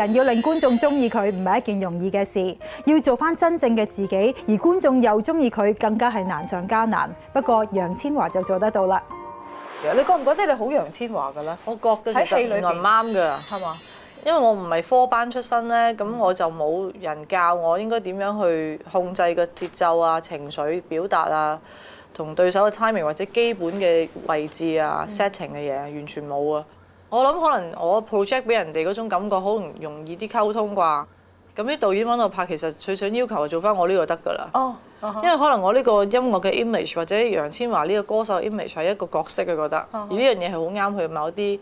人要令觀眾中意佢唔係一件容易嘅事，要做翻真正嘅自己，而觀眾又中意佢更加係難上加難。不過楊千嬅就做得到啦。你覺唔覺得你好楊千嬅㗎咧？我覺得喺戲裏唔啱㗎，係嘛吧？因為我唔係科班出身咧，咁我就冇人教我應該點樣去控制個節奏啊、情緒表達啊、同對手嘅 timing 或者基本嘅位置啊、setting 嘅嘢，完全冇啊。我諗可能我 project 俾人哋嗰種感覺好唔容易啲溝通啩，咁啲導演揾度拍，其實佢想要求做翻我呢個得㗎啦。哦、oh, uh，huh. 因為可能我呢個音樂嘅 image 或者楊千嬅呢個歌手 image 係一個角色佢覺得，uh huh. 而呢樣嘢係好啱佢某啲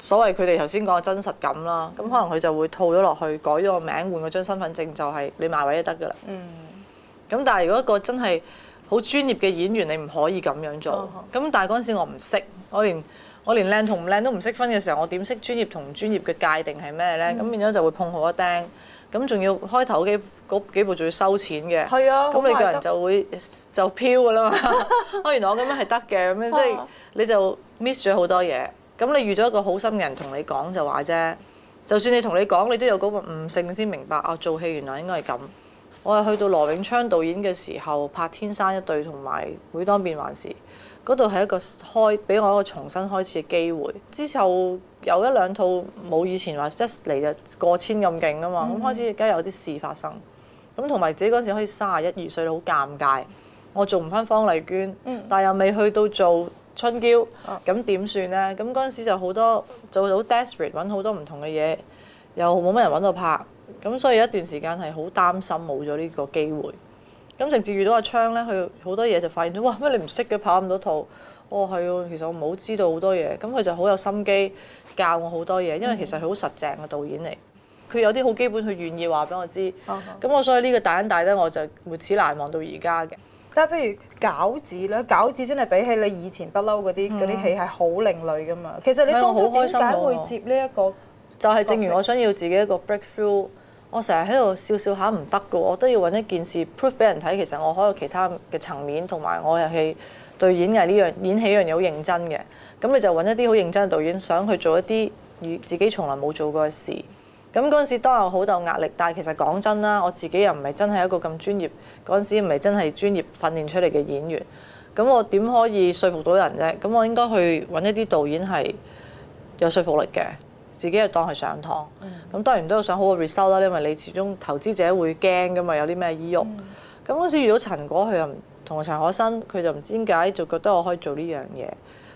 所謂佢哋頭先講嘅真實感啦。咁、uh huh. 可能佢就會套咗落去，改咗個名，換嗰張身份證就係、是、你埋位就得㗎啦。嗯、uh。咁、huh. 但係如果一個真係好專業嘅演員，你唔可以咁樣做。咁、uh huh. 但係嗰陣時我唔識，我連。我連靚同唔靚都唔識分嘅時候，我點識專業同專業嘅界定係咩呢？咁、嗯、變咗就會碰好一釘。咁仲要開頭幾嗰幾步仲要收錢嘅。係咁、啊、你個人就會、oh、就飄噶啦嘛。哦， 原來我咁樣係得嘅，咁樣即係你就 miss 咗好多嘢。咁你遇咗一個好心嘅人同你講就話啫。就算你同你講，你都有嗰個悟性先明白啊。做戲原來應該係咁。我係去到羅永昌導演嘅時候拍《天生一對》同埋《每當變幻時》。嗰度係一個開，俾我一個重新開始嘅機會。之後有一兩套冇以前話即係嚟日過千咁勁啊嘛，咁、mm hmm. 開始梗係有啲事發生。咁同埋自己嗰陣時可以三十一二歲，好尷尬。我做唔翻方麗娟，mm hmm. 但係又未去到做春嬌，咁點算呢？咁嗰陣時就好多做到 desperate，揾好多唔同嘅嘢，又冇乜人揾到拍。咁所以一段時間係好擔心冇咗呢個機會。咁甚至遇到阿昌咧，佢好多嘢就發現咗，哇乜你唔識嘅跑咁多套，哦係喎，其實我唔好知道好多嘢，咁佢就好有心機教我好多嘢，因為其實佢好實淨嘅導演嚟，佢有啲好基本，佢願意話俾我知，咁、嗯、我所以呢個大恩大德我就沒此難忘到而家嘅。但係譬如餃子咧，餃子真係比起你以前不嬲嗰啲嗰啲戲係好另類㗎嘛。嗯、其實你都當初點解、嗯、會接呢一個？就係正如我想要自己一個 breakthrough。我成日喺度笑笑下唔得㗎，我都要揾一件事 proof 俾人睇，其實我可有其他嘅層面，同埋我又係對演藝呢樣演戲樣嘢好認真嘅。咁你就揾一啲好認真嘅導演，想去做一啲與自己從來冇做過嘅事。咁嗰陣時都有好大壓力，但係其實講真啦，我自己又唔係真係一個咁專業，嗰陣時唔係真係專業訓練出嚟嘅演員。咁我點可以說服到人啫？咁我應該去揾一啲導演係有說服力嘅。自己又當係上堂，咁、嗯、當然都想好個 result 啦。因為你始終投資者會驚噶嘛，有啲咩依鬱。咁嗰、嗯、時遇到陳果，佢又同陳可辛，佢就唔知點解就覺得我可以做呢樣嘢。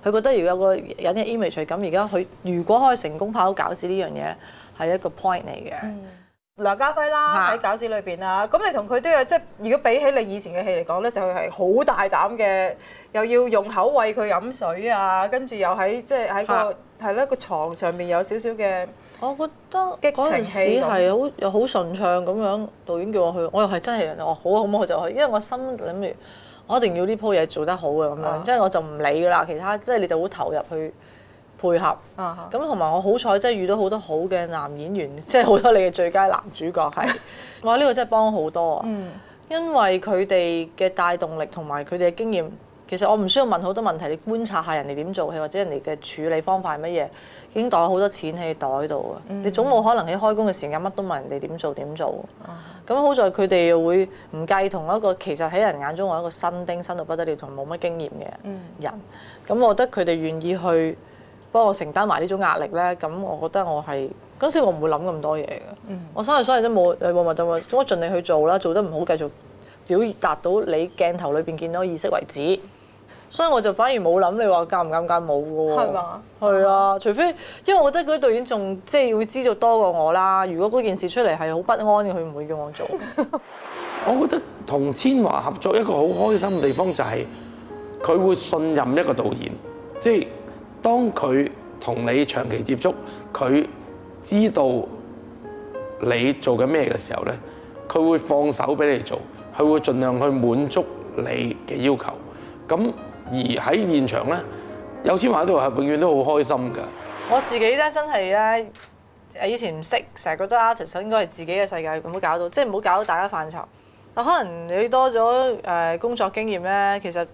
佢覺得如果有個人嘅 image 咁，而家佢如果可以成功跑好餃子呢樣嘢，係一個 point 嚟嘅。嗯梁家輝啦，喺餃的子裏邊啊。咁你同佢都有即係，如果比起你以前嘅戲嚟講咧，就係、是、好大膽嘅，又要用口餵佢飲水啊，跟住又喺即係喺個係咯的個床上面有少少嘅。我覺得激情戲係好又好順暢咁樣，導演叫我去，我又係真係我好啊，好唔好就去，因為我心諗住我一定要呢鋪嘢做得好啊咁樣，嗯、即係我就唔理噶啦，其他即係你就好投入去。配合咁同埋，啊、哈我好彩真係遇到好多好嘅男演員，即係好多你嘅最佳男主角係。我話呢個真係幫好多，啊！因為佢哋嘅帶動力同埋佢哋嘅經驗，其實我唔需要問好多問題。你觀察下人哋點做戲，或者人哋嘅處理方法係乜嘢，已經袋好多錢喺袋度，嗯嗯嗯、啊。你總冇可能喺開工嘅時間乜都問人哋點做點做。咁好在佢哋會唔介意同一個其實喺人眼中我一個新丁新到不得了同冇乜經驗嘅人。咁我覺得佢哋願意去。嗯嗯幫我承擔埋呢種壓力咧，咁我覺得我係嗰陣時我唔會諗咁多嘢嘅。嗯、我所以所以都冇誒冇乜冇我盡力去做啦，做得唔好繼續表達到你鏡頭裏邊見到意識為止。所以我就反而冇諗你話尷唔尷尬冇嘅喎。係嘛吧？係啊，嗯、除非因為我覺得嗰啲導演仲即係會知道多過我啦。如果嗰件事出嚟係好不安嘅，佢唔會叫我做。 我覺得同千嬅合作一個好開心嘅地方就係、是、佢會信任一個導演，即、就、係、是。就是當佢同你長期接觸，佢知道你做緊咩嘅時候咧，佢會放手俾你做，佢會盡量去滿足你嘅要求。咁而喺現場咧，有錢玩嗰啲係永遠都好開心㗎。我自己咧真係咧，誒以前唔識，成日覺得 artist 應該係自己嘅世界唔好搞到，即係唔好搞到大家範疇。啊，可能你多咗誒、呃、工作經驗咧，其實。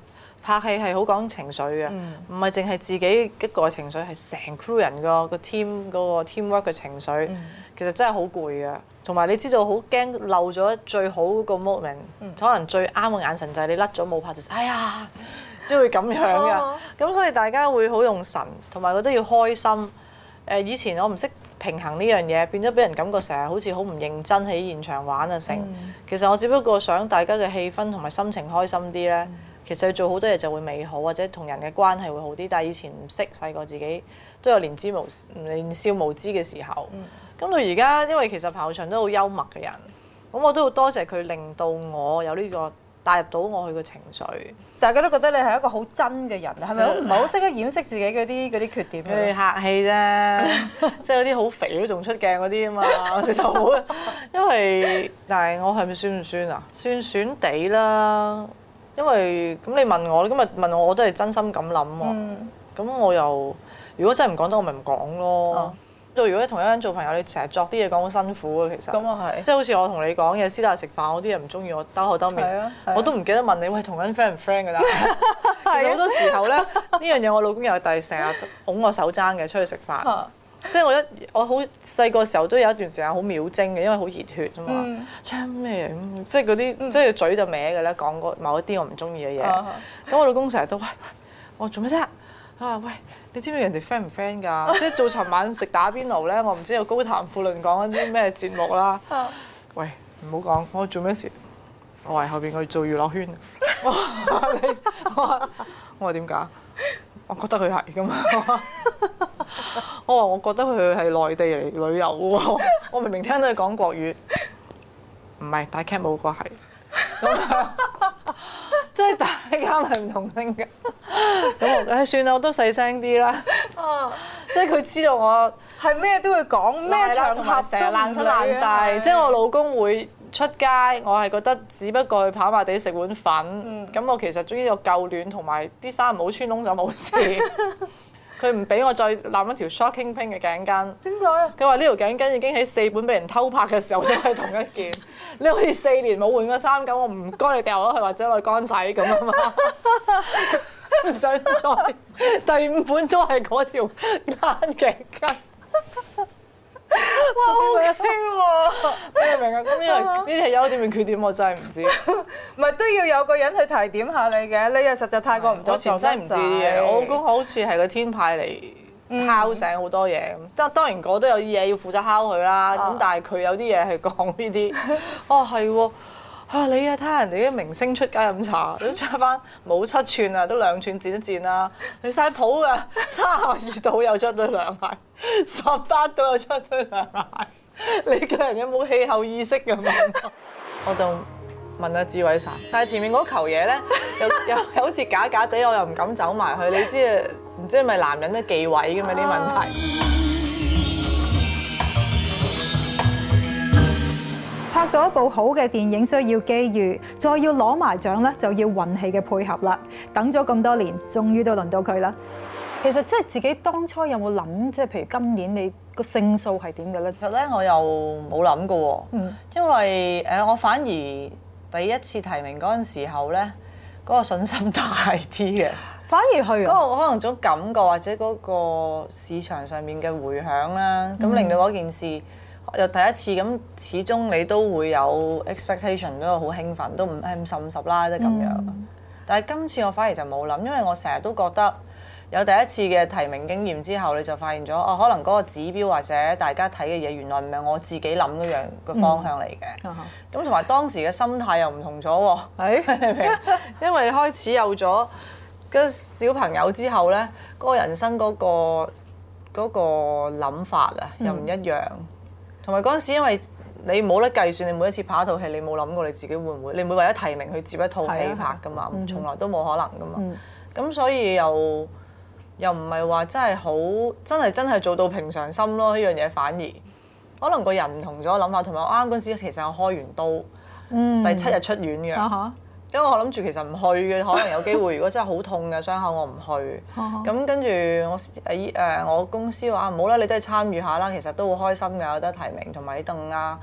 拍戲係好講情緒嘅，唔係淨係自己一個情緒，係成 crew 人個 team 嗰、嗰個 team work 嘅情緒。嗯、其實真係好攰嘅，同埋你知道好驚漏咗最好個 moment，嗯、可能最啱嘅眼神就係你甩咗冇拍就哎呀，即 會咁樣嘅。咁 所以大家會好用神，同埋覺得要開心。誒、呃，以前我唔識平衡呢樣嘢，變咗俾人感覺成日好似好唔認真喺現場玩啊成。嗯、其實我只不過想大家嘅氣氛同埋心情開心啲咧。嗯。其實做好多嘢就會美好，或者同人嘅關係會好啲。但係以前唔識，細個自己都有年知無年少無知嘅時候。咁、嗯、到而家，因為其實彭浩翔都好幽默嘅人，咁我都好多謝佢令到我有呢、這個帶入到我去嘅情緒。大家都覺得你係一個好真嘅人，係咪？唔係好識得掩飾自己嗰啲啲缺點。誒， 客氣啫，即係嗰啲好肥都仲出鏡嗰啲啊嘛，我知好，因為，但係我係咪酸唔酸啊？酸酸地啦。因為咁你問我咧，今日問我，我都係真心咁諗喎。咁我又如果真係唔講得，我咪唔講咯。就如果你同一人做朋友，你成日作啲嘢講，好辛苦啊。其實。咁啊係。即係好似我同你講嘢，私下食飯，我啲嘢唔中意我兜口兜面，我都唔記得問你喂，同緊 friend 唔 friend 㗎啦。其實好多時候咧，呢樣嘢我老公又係第成日拱我手踭嘅，出去食飯。即係我一我好細個時候都有一段時間好秒精嘅，因為好熱血啊嘛。唱咩？即係嗰啲即係嘴就歪嘅咧，講過某一啲我唔中意嘅嘢。咁、啊、我老公成日都喂我，我做咩啫？佢話喂，你知唔知人哋 friend 唔 friend 㗎？啊、即係做尋晚食打邊爐咧，我唔知有高談闊論講緊啲咩節目啦。啊、喂，唔好講，我做咩事？我喺後邊去做娛樂圈、啊啊。你我話 我話點解？我覺得佢係咁啊。我話我覺得佢係內地嚟旅遊喎，我明明聽到佢講國語，唔係大 c 冇關係，咁即係大家唔同聲嘅，咁唉算啦，我都細聲啲啦，啊、即係佢知道我係咩都會講，咩場合都出會晒。即係我老公會出街，我係覺得只不過去跑馬地食碗粉，咁、嗯、我其實中意有夠暖，同埋啲衫唔好穿窿就冇事。 佢唔俾我再攬一條 shocking pink 嘅頸巾。點解何？佢話呢條頸巾已經喺四本俾人偷拍嘅時候都係同一件。 你好似四年冇換過衫咁，我唔該你掉咗去或者我乾洗咁啊嘛。唔 想再第五本都係嗰條藍頸巾。我、oh, OK 你明啊？咁因為呢啲係優點定缺點，我真係唔知。唔 係 都要有個人去提點下你嘅，呢又實在太過唔 知， 我真係唔知啲嘢。我老公好似係個天派嚟敲醒好多嘢咁，即係當然我都有啲嘢要負責敲佢啦。咁 但係佢有啲嘢係講呢啲。哦、 啊，係喎。啊！你啊睇下人哋啲明星出街飲茶都出翻冇七寸啊，兩吋啊都兩寸剪一剪啦，你晒譜啊三十二度又出對涼鞋，十八度又出對涼鞋，你個人有冇氣候意識嘅問題？ 我就問阿志偉晒。但係前面嗰球嘢咧又又好似假假地，我又唔敢走埋去。你知唔知係咪男人都忌位嘅咩啲問題？啊拍到一部好嘅電影需要機遇，再要攞埋獎咧就要運氣嘅配合啦。等咗咁多年，終於都輪到佢啦。其實即係自己當初有冇諗，即係譬如今年你個勝數係點嘅咧？其實咧，我又冇諗過喎。嗯。因為誒，我反而第一次提名嗰陣時候咧，嗰、嗰個信心大啲嘅。反而係啊。嗰個可能種感覺或者嗰個市場上面嘅回響啦，咁、嗯、令到嗰件事。又第一次咁，始終你都會有 expectation，都好興奮，都唔係五十五十啦，都咁樣。嗯、但係今次我反而就冇諗，因為我成日都覺得有第一次嘅提名經驗之後，你就發現咗哦，可能嗰個指標或者大家睇嘅嘢，原來唔係我自己諗嗰樣個方向嚟嘅。咁同埋當時嘅心態又唔同咗喎， 是 因為你開始有咗、嗰個小朋友之後呢，嗰、嗰個人生嗰、嗰個嗰、嗰個諗法啊，又唔一樣。嗯同埋嗰陣時，因為你冇得計算，你每一次拍一套戲，你冇諗過你自己會唔會，你唔會為咗提名去接一套戲拍㗎嘛，啊啊嗯、從來都冇可能㗎嘛。咁、嗯、所以又又唔係話真係好，真係真係做到平常心咯。呢樣嘢反而可能個人唔同咗諗法，同埋我啱嗰陣時其實我開完刀，嗯、第七日出院嘅。嗯因為我諗住其實唔去嘅，可能有機會。 如果真係好痛嘅傷口，我唔去。咁 跟住我喺誒、呃、我公司話唔、啊、好啦，你都係參與下啦，其實都好開心嘅，有得提名同埋喺度啊，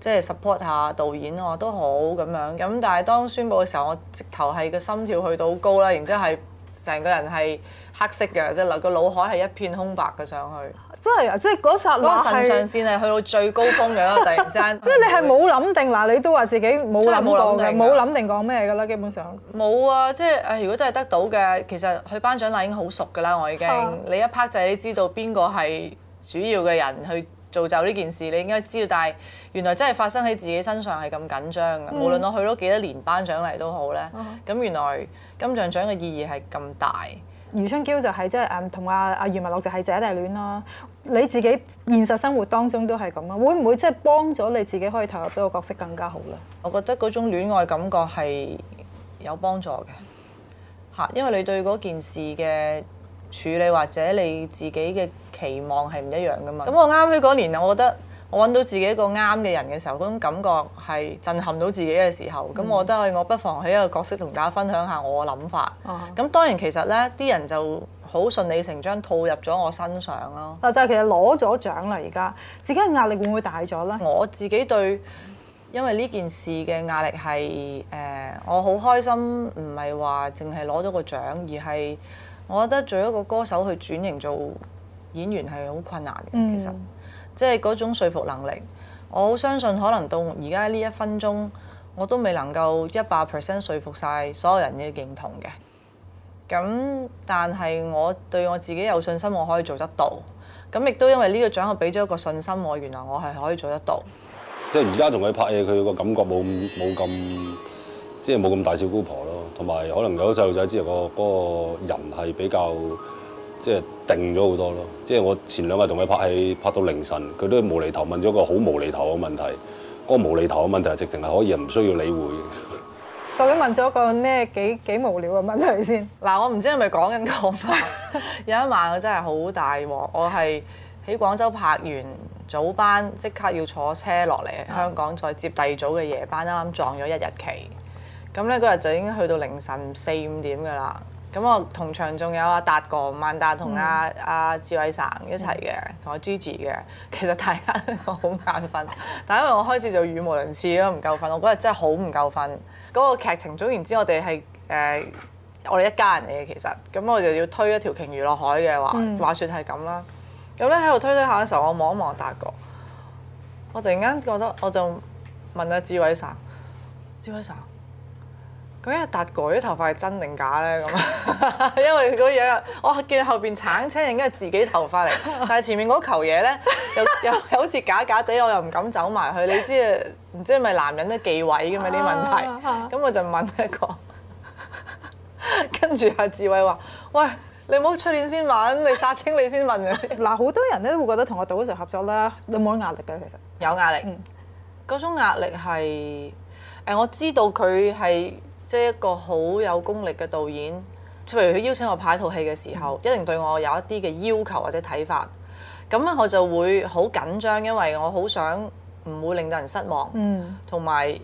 即、就、係、是、support 下導演我都好咁樣。咁但係當宣布嘅時候，我直頭係個心跳去到高啦，然之後係、就是。成個人係黑色嘅，即係嗱個腦海係一片空白嘅上去。真係啊！即係嗰剎那係。嗰腎上腺係去到最高峰嘅， 突然之間。即係你係冇諗定嗱，你都話自己冇諗冇諗定講咩㗎啦，基本上。冇啊！即係誒、呃，如果都係得到嘅，其實去頒獎禮已經好熟㗎啦。我已經、哦、你一拍仔，你知道邊個係主要嘅人去做就呢件事，你應該知道。但係原來真係發生喺自己身上係咁緊張嘅，嗯、無論我去咗幾多年頒獎禮都好咧。咁、嗯、原來。金像獎嘅意義係咁大，余春嬌就係即係同阿阿余文樂就係姐弟戀啦。你自己現實生活當中都係咁啊，會唔會即係幫咗你自己可以投入呢個角色更加好呢？我覺得嗰種戀愛感覺係有幫助嘅嚇，因為你對嗰件事嘅處理或者你自己嘅期望係唔一樣噶嘛。咁我啱啱嗰年我覺得。我揾到自己一個啱嘅人嘅時候，嗰種感覺係震撼到自己嘅時候，咁、嗯、我覺得，我不妨喺一個角色同大家分享下我嘅諗法。咁、啊、哈當然其實呢啲人就好順理成章套入咗我身上咯。但就係其實攞咗獎啦，而家自己嘅壓力會唔會大咗呢？我自己對，因為呢件事嘅壓力係誒、呃，我好開心，唔係話淨係攞咗個獎，而係我覺得做一個歌手去轉型做演員係好困難嘅，嗯、其實。即係嗰種說服能力，我好相信可能到而家呢一分鐘，我都未能夠一百 percent 說服晒所有人嘅認同嘅。咁但係我對我自己有信心，我可以做得到。咁亦都因為呢個獎我俾咗一個信心，我原來我係可以做得到。即係而家同佢拍嘢，佢個感覺冇冇咁，即係冇咁大笑姑婆咯。同埋可能有啲細路仔之後，個個人係比較。即係定咗好多咯！即係我前兩日同佢拍戲，拍到凌晨，佢都無厘頭問咗個好無厘頭嘅問題。嗰個無厘頭嘅問題直情係可以唔需要理會。究竟問咗個咩幾幾無聊嘅問題先？嗱， 我唔知係咪講緊講法。有一晚我真係好大鑊，我係喺廣州拍完早班，即刻要坐車落嚟香港再接第二組嘅夜班，啱啱撞咗一日期。咁咧嗰日就已經去到凌晨四五點㗎啦。咁我同場仲有阿達哥、萬達同阿阿志偉生一齊嘅，同阿 Gigi 嘅。其實大家好眼瞓， 但因為我開始就語無倫次咯，唔夠瞓。我嗰日真係好唔夠瞓。嗰、那個劇情總言之我、呃，我哋係誒我哋一家人嚟嘅，其實。咁我就要推一條鯨魚落海嘅話、嗯、話説係咁啦。咁咧喺度推推下嘅時候，我望一望達哥，我突然間覺得我就問阿志偉生，志偉日達哥，啲頭髮係真定假咧咁啊！ 因為個嘢我見後邊橙青，應該係自己頭髮嚟，但係前面嗰球嘢咧又又好似假假地，我又唔敢走埋去。你知，知是是啊？唔知係咪男人都忌諱嘅咩啲問題？咁我就問一個， 跟住阿志偉話：喂，你唔好出年先問，你殺青你先問嘅。嗱、啊，好多人咧會覺得同我董事合作啦，你冇壓力嘅？其實有壓、嗯、有壓力，嗰、嗯、種壓力係誒，我知道佢係。即係一個好有功力嘅導演，譬如佢邀請我拍套戲嘅時候，嗯、一定對我有一啲嘅要求或者睇法，咁樣我就會好緊張，因為我好想唔會令到人失望，同埋、嗯、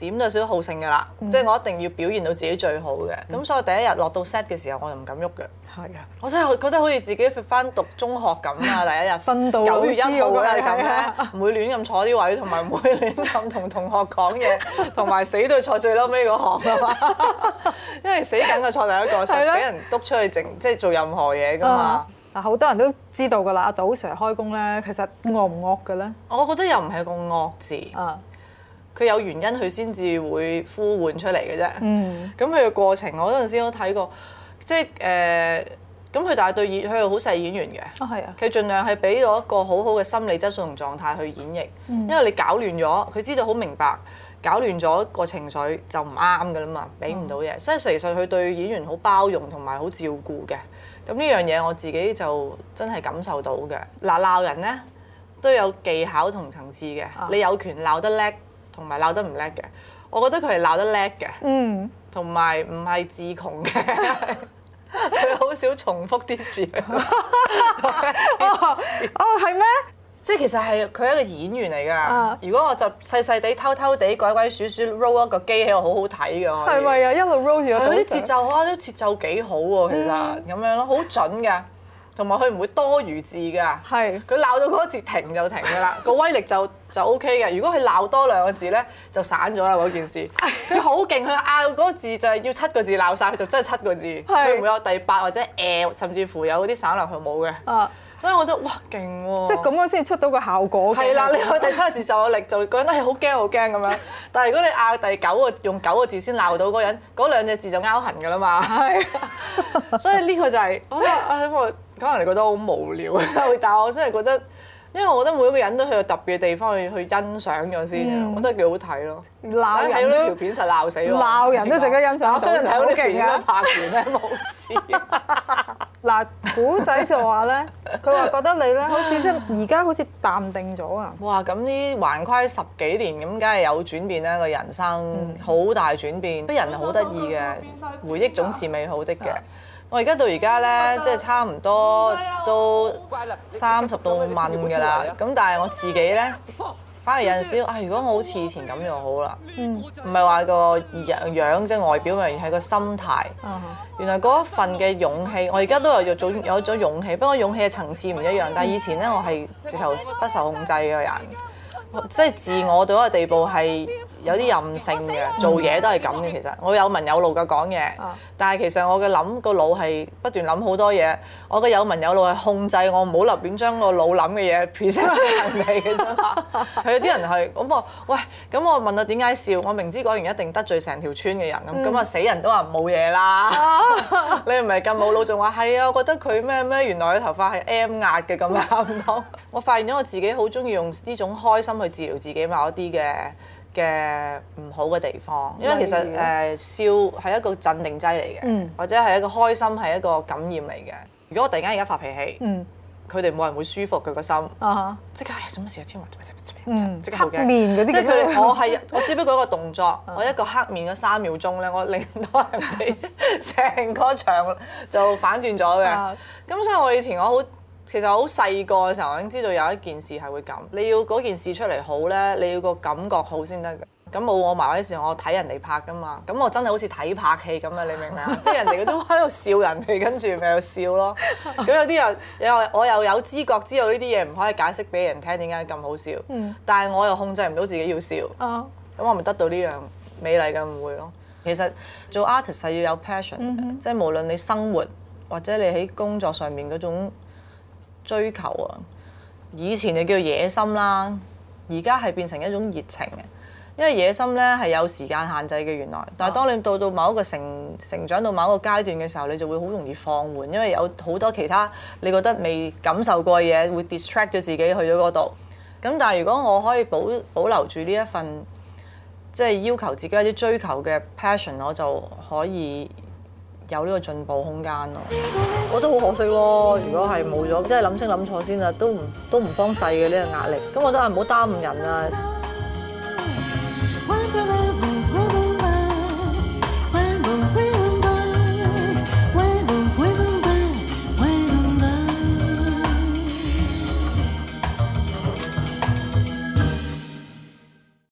點都少少好勝㗎啦，嗯、即係我一定要表現到自己最好嘅，咁、嗯、所以第一日落到 set 嘅時候，我就唔敢喐嘅。係啊！我真係覺得好似自己翻讀中學咁啊！第一日，到九月一號係咁嘅，唔會亂咁坐啲位，同埋唔會亂咁同同學講嘢，同埋死對坐最嬲尾嗰行啊嘛！因為死緊個坐第一個，成日俾人督出去整，即係做任何嘢噶嘛。嗱，好多人都知道噶啦，阿賭成日 Sir 開工咧，其實惡唔惡噶咧？我覺得又唔係個惡字，佢有原因，佢先至會呼喚出嚟嘅啫。嗯，咁佢嘅過程，我嗰陣時都睇過。即係誒，咁、呃、佢但係對演，佢係好細演員嘅。哦、啊，啊。佢盡量係俾到一個好好嘅心理質素同狀態去演繹。嗯、因為你搞亂咗，佢知道好明白，搞亂咗個情緒就唔啱噶啦嘛，俾唔到嘢。嗯、所以其實佢對演員好包容同埋好照顧嘅。咁呢樣嘢我自己就真係感受到嘅。嗱，鬧人呢，都有技巧同層次嘅。啊、你有權鬧得叻同埋鬧得唔叻嘅。我覺得佢係鬧得叻嘅。嗯。同埋唔係自窮嘅。 佢好 少重複啲字。哦，係咩？即係其實係佢係一個演員嚟㗎。啊、如果我就細細地偷偷地鬼鬼祟祟，祟 roll 一個機器，我好好睇㗎。係咪啊？一路 roll 住個。啲節 奏啊，啲節奏幾好喎，其實咁、嗯、樣咯。好準㗎。同埋佢唔會多餘字㗎，佢鬧是到嗰個字停就停㗎啦，個 威力就就 O K 嘅。如果佢鬧多兩個字咧，就散咗啦嗰件事。佢好勁，佢拗嗰個字就係要七個字鬧晒，佢就真係七個字，佢唔是會有第八或者誒、呃，甚至乎有嗰啲散落去冇嘅。所以我覺得，哇勁喎，啊、即係咁樣先出到個效果嘅。係啦， 你去第七個字受咗力就嗰個人係好驚好驚咁樣。但係如果你拗第九個用九個字先鬧到嗰人，嗰兩隻字就拗痕㗎啦嘛。 所以呢個就係、是、我都我可能你覺得好無聊，但我真係覺得，因為我覺得每一個人都去有特別嘅地方去去欣賞咗先，嗯、我覺得幾好睇咯。鬧人睇嗰條片實鬧死喎！鬧人都值得欣賞，的我雖然睇好勁啊。拍完咩冇事？ 嗱，古仔就話咧，佢話覺得你咧，好似即係而家好似淡定咗啊！哇，咁呢橫跨十幾年咁，梗係有轉變啦，個人生好、嗯、大轉變，啲人好得意嘅，嗯嗯嗯、回憶總是美好的嘅。啊啊、我而家到而家咧，啊、即係差唔多都三十到五萬㗎啦。咁、嗯、但係我自己咧。啊 反而有陣時，啊！如果我好似以前咁就好啦，唔係話個樣，即係外表咪，而係個心態。Uh huh. 原來嗰一份嘅勇氣，我而家都有有咗有咗勇氣，不過勇氣嘅層次唔一樣。但係以前咧，我係直頭不受控制嘅人，即係自我到一個地步係。有啲任性嘅，做嘢都係咁嘅。其實我有文有路嘅講嘢，啊、但係其實我嘅諗個腦係不斷諗好多嘢。我嘅有文有路係控制我，唔好立亂將個腦諗嘅嘢 present 俾人哋嘅啫嘛。係 有啲人係咁、嗯、我喂，咁我問到點解笑？我明知講完一定得罪成條村嘅人咁，咁啊死人都話冇嘢啦。 你唔係咁冇腦，仲話係啊？我覺得佢咩咩，原來佢頭髮係 M 壓嘅咁差唔多。 我發現咗我自己好中意用呢種開心去治療自己某啲嘅嘅唔好嘅地方，因為其實誒對笑係一個鎮定劑嚟嘅，mm. 或者係一個開心係一個感染嚟嘅。如果我突然間而家發脾氣，佢哋冇人會舒服佢、那個嗰個心，即刻做乜事啊！黒面黑面嗰啲，即係我係我只不過一個動作， 我一個黑面嘅三秒鐘咧，我令到人哋成、uh huh. 個場就反轉咗嘅。咁 所以我以前我好。其實好細個嘅時候，我已經知道有一件事係會咁。你要嗰件事出嚟好咧，你要個感覺好先得嘅。咁冇我埋位嘅時候，我睇人哋拍㗎嘛。咁我真係好似睇拍戲咁啊！你明唔明啊？ 即係人哋都喺度笑人哋，跟住咪又笑咯。咁有啲人，又我又有知覺知道呢啲嘢唔可以解釋俾人聽點解咁好笑。嗯、但係我又控制唔到自己要笑。啊。咁我咪得到呢樣美麗嘅誤會咯。其實做 artist 係要有 passion 嘅，即係、嗯、哼無論你生活或者你喺工作上面嗰種。追求啊，以前就叫野心啦，而家係變成一種熱情嘅。因為野心咧係有時間限制嘅，原來，但係當你到到某一個成成長到某一個階段嘅時候，你就會好容易放緩，因為有好多其他你覺得未感受過嘅嘢會 distract 咗自己去咗嗰度。咁但係如果我可以保保留住呢一份即係、就是、要求自己一啲追求嘅 passion，我就可以。有呢個進步空間咯，我覺得好可惜咯。如果係冇咗，即係諗清諗錯先啦，都唔都唔幫細嘅呢個壓力。咁我真係唔好耽誤人啊。